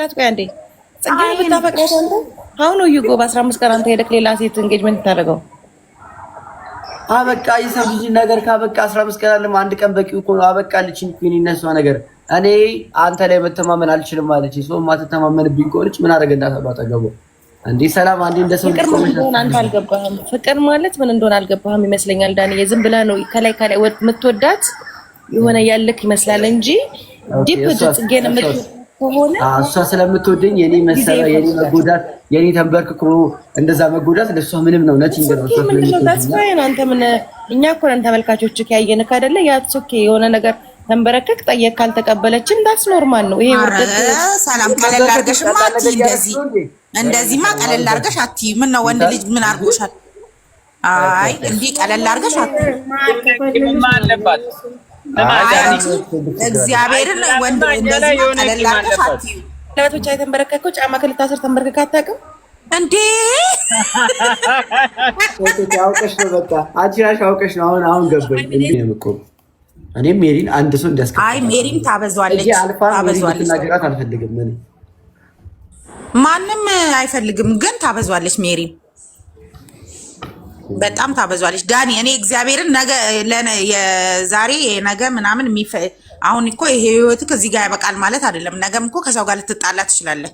ላት ቆይ አንዴ ጽጌ ብታፈቅራት አንተ አሁን እዩ ጎ በአስራ አምስት ቀን አንተ ሄደክ ሌላ ሴት ኤንጌጅመንት ታደርገው አበቃ። የሰው ልጅ ነገር ካበቃ አስራ አምስት ቀን አለም አንድ ቀን በቂው እኮ አበቃልችኝ እኮ የእኔ እነሷ ነገር እኔ አንተ ላይ መተማመን አልችልም አለች። ሰው ማትተማመንብኝ ከሆነች ምን አደረገ እንዳሰባ አጠገቡ እንዴ ሰላም አንዴ እንደ ሰው ፍቅር ምን እንደሆነ አንተ አልገባህም። ፍቅር ማለት ምን እንደሆነ አልገባህም ይመስለኛል ዳንኤል። ዝም ብለህ ነው ከላይ ከላይ የምትወዳት የሆነ ያለክ ይመስላል እንጂ ዲፕ ጽጌን የምትወ እሷ ስለምትወደኝ የኔ መሰራ የኔ መጎዳት የኔ ተንበርክኮ እንደዛ መጎዳት ለእሷ ምንም ነው። ነት እኛ እኮ ነን ተመልካቾች ያየን ካደለ ያሶኬ የሆነ ነገር ተንበረከክ ጠየቅ ካልተቀበለችን ዳስ ኖርማል ነው። ይሄ ሰላም ቀለል አርገሽማ አትይ እንደዚህ እንደዚህማ ቀለል አርገሽ አትይ። ምን ነው ወንድ ልጅ ምን አርጎሻል? አይ እንዲህ ቀለል አርገሽ አትይ። እግዚአብሔርን የተንበረከከው ጫማ ከልታስር አታውቅም እንዴ? አውቀሽ ነው በቃ አውቀሽ ነው። አሁን አሁን ገባኝ። እኔም ሜሪን አንድ ሰው እንዲያስከፍል። አይ ሜሪም አልፈልግም። ማንም አይፈልግም፣ ግን ታበዟለች ሜሪም በጣም ታበዟለች ዳኒ። እኔ እግዚአብሔርን ነገ የዛሬ ነገ ምናምን አሁን እኮ ይሄ ህይወትህ እዚህ ጋር ያበቃል ማለት አይደለም። ነገም እኮ ከሰው ጋር ልትጣላ ትችላለህ።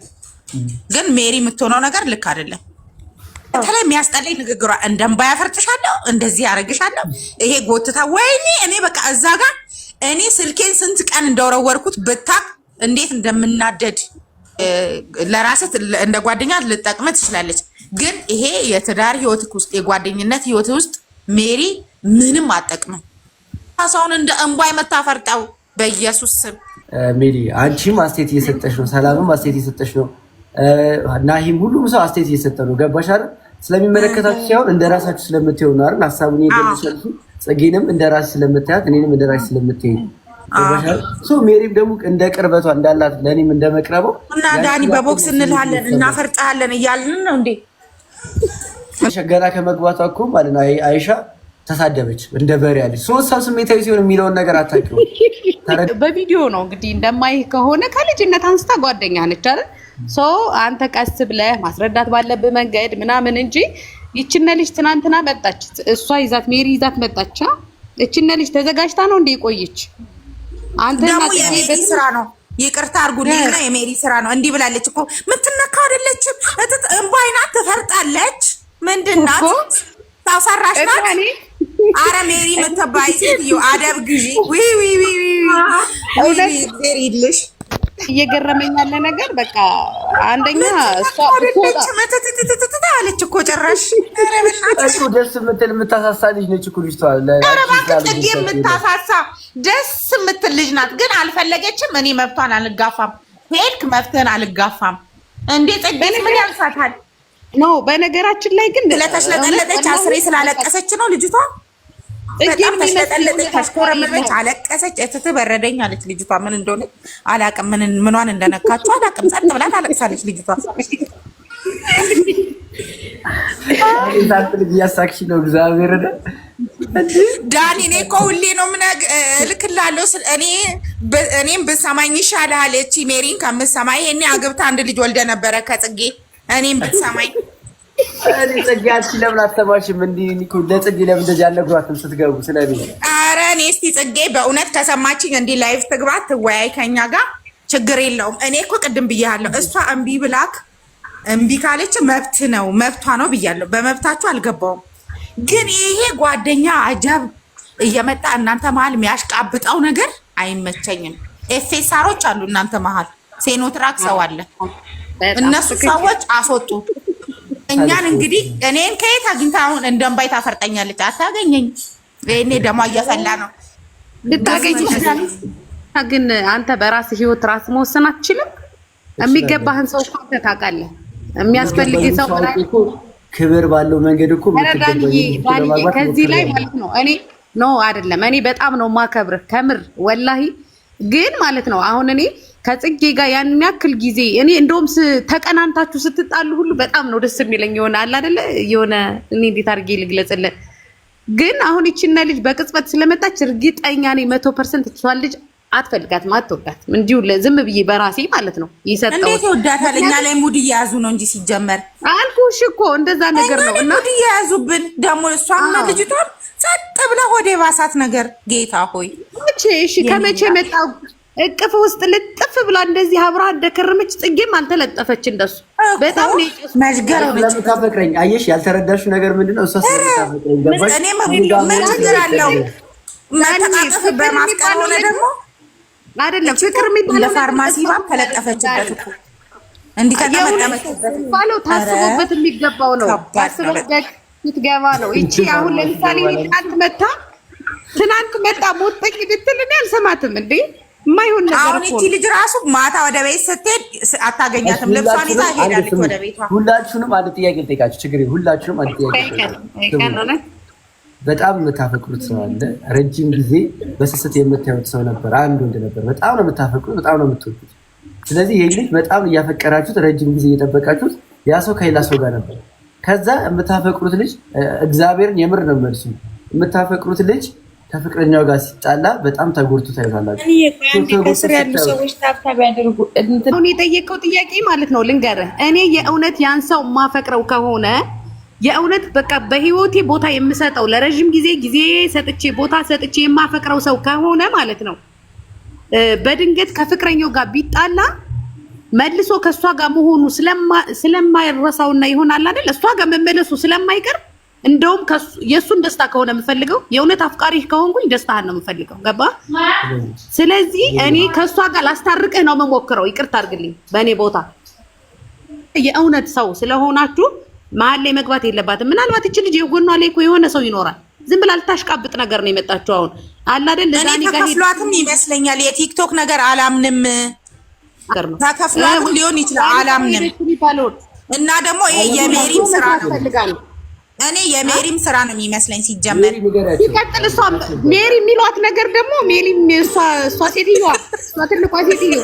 ግን ሜሪ የምትሆነው ነገር ልክ አይደለም። በተለይ የሚያስጠላኝ ንግግሯ እንደንባ ያፈርጥሻለሁ፣ እንደዚህ ያደርግሻለሁ። ይሄ ጎትታ ወይኔ እኔ በቃ እዛ ጋር እኔ ስልኬን ስንት ቀን እንደወረወርኩት ብታ እንዴት እንደምናደድ ለራስህ እንደ ጓደኛ ልጠቅመ ትችላለች። ግን ይሄ የትዳር ህይወት ውስጥ የጓደኝነት ህይወት ውስጥ ሜሪ ምንም አጠቅምም። ራሷን እንደ እንቧ መታፈርጠው በኢየሱስ ስም ሜሪ፣ አንቺም አስቴት እየሰጠች ነው፣ ሰላምም አስቴት እየሰጠች ነው፣ ናሂም፣ ሁሉም ሰው አስቴት እየሰጠ ነው። ገባሻል? አይደል? ስለሚመለከታችሁ ሳይሆን እንደ ራሳችሁ ስለምትሆኑ አይደል? ሀሳቡን ይደልሻል። ጽጌንም እንደ ራስሽ ስለምታያት እኔንም እንደ ራስሽ ስለምትሄድ ሜሪም ደግሞ እንደ ቅርበቷ እንዳላት ለእኔም እንደመቅረበው እና ዳኒ በቦክስ እንልሃለን እናፈርጥሃለን እያልን ነው እንዴ? ገና ከመግባቷ እኮ ማለት ነው አይሻ ተሳደበች እንደ በሬ ያለች ሶስት ሰው ስሜታዊ ሲሆን የሚለውን ነገር አታውቂውም። በቪዲዮ ነው እንግዲህ እንደማይህ ከሆነ ከልጅነት አንስታ ጓደኛ ነች አይደል? አንተ ቀስ ብለህ ማስረዳት ባለብህ መንገድ ምናምን እንጂ ይችነ ልጅ ትናንትና መጣች፣ እሷ ይዛት ሜሪ ይዛት መጣቻ። እችነ ልጅ ተዘጋጅታ ነው እንደ የቆየች ደግሞ የሜሪ ስራ ነው። ይቅርታ አድርጉልኝና የሜሪ ስራ ነው። እንዲህ ብላለች እኮ ምትነካ አይደለችም። እትት እንባይና ትፈርጣለች። ምንድናት ታሰራሽናት? አረ ሜሪ ምትባይ ሴትዮ አደብ ግዢ። ዊ ዊ ዊ ዊ ዊ ዊ ዊ ዊ እየገረመኝ ያለ ነገር በቃ አንደኛ አለች እኮ ጭራሽ ደስ የምትል የምታሳሳ ልጅ ነች የምታሳሳ ደስ የምትል ልጅ ናት። ግን አልፈለገችም። እኔ መብቷን አልጋፋም። ሄድክ መብትህን አልጋፋም። እንዴ ጽጌ ምን ያልሳታል ነው። በነገራችን ላይ ግን ለተሽለጠለጠች አስሬ ስላለቀሰች ነው ልጅቷ በጣም ተሽለጠለጠች፣ ተሽኮረመመች፣ አለቀሰች። እትት በረደኝ አለች። ልጅቷ ምን እንደሆነ አላቅም፣ ምኗን እንደነካችሁ አላቅም። ጸጥ ብላ ታለቅሳለች ልጅቷ። እያሳቅሽ ነው እግዚአብሔር ዳኒ። እኔ እኮ ሁሌ ነው የምነግርህ፣ እልክልሃለሁ። እኔም ብትሰማኝ ይሻልሃል። እቺ ሜሪን ከምትሰማኝ ይሄኔ አግብታ አንድ ልጅ ወልደ ነበረ ከጽጌ። እኔም ብትሰማኝ እኔ ጽጌ አንቺ ለምን አትሰማሽም? እንዲህ እኮ ለፅጌ ለምን እንደዚህ አልነግሯትም ስትገቡ ስለኔ። ኧረ እኔ እስኪ ፅጌ በእውነት ከሰማችኝ እንዲህ ላይቭ ትግባት ትወያይ ከኛ ጋር ችግር የለውም። እኔ እኮ ቅድም ብያለሁ፣ እሷ እምቢ ብላክ እምቢ ካለች መብት ነው መብቷ ነው ብያለሁ። በመብታችሁ አልገባውም። ግን ይሄ ጓደኛ አጀብ እየመጣ እናንተ መሀል የሚያሽቃብጠው ነገር አይመቸኝም። ኤፌሳሮች አሉ እናንተ መሀል፣ ሴኖትራክ ሰው አለ። እነሱ ሰዎች አስወጡ እኛን እንግዲህ እኔን ከየት አግኝታ አሁን እንደ እምባይ ታፈርጠኛለች። አታገኘኝ። ይሄኔ ደግሞ እያፈላ ነው ልታገኝ። ግን አንተ በራስ ህይወት ራስ መወሰን አትችልም። የሚገባህን ሰው እኮ አንተ ታውቃለህ። የሚያስፈልግ ሰው ክብር ባለው መንገድ እኮ ከዚህ ላይ ማለት ነው እኔ ኖ አይደለም። እኔ በጣም ነው ማከብር ከምር ወላሂ። ግን ማለት ነው አሁን እኔ ከጽጌ ጋር ያን ያክል ጊዜ እኔ እንደውም ተቀናንታችሁ ስትጣሉ ሁሉ በጣም ነው ደስ የሚለኝ። የሆነ አለ አይደለ የሆነ እኔ እንዴት አድርጌ ልግለጽልን? ግን አሁን ይችና ልጅ በቅጽበት ስለመጣች እርግጠኛ ነኝ መቶ ፐርሰንት እችቷን ልጅ አትፈልጋትም፣ አትወዳትም። እንዲሁ ዝም ብዬ በራሴ ማለት ነው የሰጠው እንዴት ይወዳታል? እኛ ላይ ሙድ እየያዙ ነው እንጂ ሲጀመር አልኩሽ እኮ እንደዛ ነገር ነው። እና ሙድ እየያዙብን ደግሞ እሷና ልጅቷም ጸጥ ብለ ወደ ባሳት ነገር ጌታ ሆይ መቼ እሺ ከመቼ መጣ እቅፍ ውስጥ ልጥፍ ብላ እንደዚህ አብራ እንደከረመች ጽጌም አልተለጠፈች። እንደሱ በጣም ስለምታፈቅረኝ አየሽ። ያልተረዳሹ ነገር ምንድነው? ነው? እሷ ስለምታፈቅረኝ አይደለም ፍቅር የሚባለው ፋርማሲ ከለጠፈችበት እንዲህ ከተመለመችበት ታስቦበት የሚገባው ነው። ታስቦበት ስትገባ ነው። ይቺ አሁን ለምሳሌ ትናንት መታ ትናንት መጣ ሞጠኝ ብትል እኔ አልሰማትም እንዴ ማይሆን ነገር አሁን እቺ ልጅ ራሱ ማታ ወደ ቤት ስትሄድ አታገኛትም። ልብሷን ይዛ ሄዳለች ወደ ቤቷ። ሁላችሁንም አንድ ጥያቄ ልጠይቃችሁ፣ ችግር ሁላችሁንም አንድ ጥያቄ። በጣም የምታፈቅሩት ሰው አለ፣ ረጅም ጊዜ በስስት የምታዩት ሰው ነበር፣ አንድ ወንድ ነበር። በጣም ነው የምታፈቅሩት፣ በጣም ነው የምትወዱት። ስለዚህ ይህ ልጅ በጣም እያፈቀራችሁት፣ ረጅም ጊዜ እየጠበቃችሁት፣ ያ ሰው ከሌላ ሰው ጋር ነበር። ከዛ የምታፈቅሩት ልጅ እግዚአብሔርን የምር ነው መልሱ የምታፈቅሩት ልጅ ከፍቅረኛው ጋር ሲጣላ በጣም ተጎድቶ ታይቷላችሁ። ከስር ያሉ ሰዎች ታብታብ ያደርጉ። አሁን የጠየቀው ጥያቄ ማለት ነው ልንገር፣ እኔ የእውነት ያን ሰው ማፈቅረው ከሆነ የእውነት በቃ በህይወቴ ቦታ የምሰጠው ለረዥም ጊዜ ጊዜ ሰጥቼ ቦታ ሰጥቼ የማፈቅረው ሰው ከሆነ ማለት ነው በድንገት ከፍቅረኛው ጋር ቢጣላ መልሶ ከእሷ ጋር መሆኑ ስለማይረሳውና ይሆናል አይደል እሷ ጋር መመለሱ ስለማይቀርብ እንደውም የእሱን ደስታ ከሆነ የምፈልገው የእውነት አፍቃሪህ ከሆንኩኝ ደስታህን ነው የምፈልገው። ገባ? ስለዚህ እኔ ከእሷ ጋር ላስታርቅህ ነው የምሞክረው። ይቅርታ አድርግልኝ በእኔ ቦታ የእውነት ሰው ስለሆናችሁ መሀል ላይ መግባት የለባትም። ምናልባት ይች ልጅ የጎኗ ላይ እኮ የሆነ ሰው ይኖራል። ዝም ብላ ልታሽቃብጥ ነገር ነው የመጣችው። አሁን አላደል ለዛኔ ተከፍሏትም ይመስለኛል። የቲክቶክ ነገር አላምንም፣ ተከፍሏትም ሊሆን ይችላል። አላምንም እና ደግሞ ይሄ የሜሪም ስራ ነው እኔ የሜሪም ስራ ነው የሚመስለኝ። ሲጀመር ሲቀጥል እሷ ሜሪ የሚሏት ነገር ደግሞ ሜሪም እሷ ሴትዮዋ እሷ ትልቋ ሴትዮ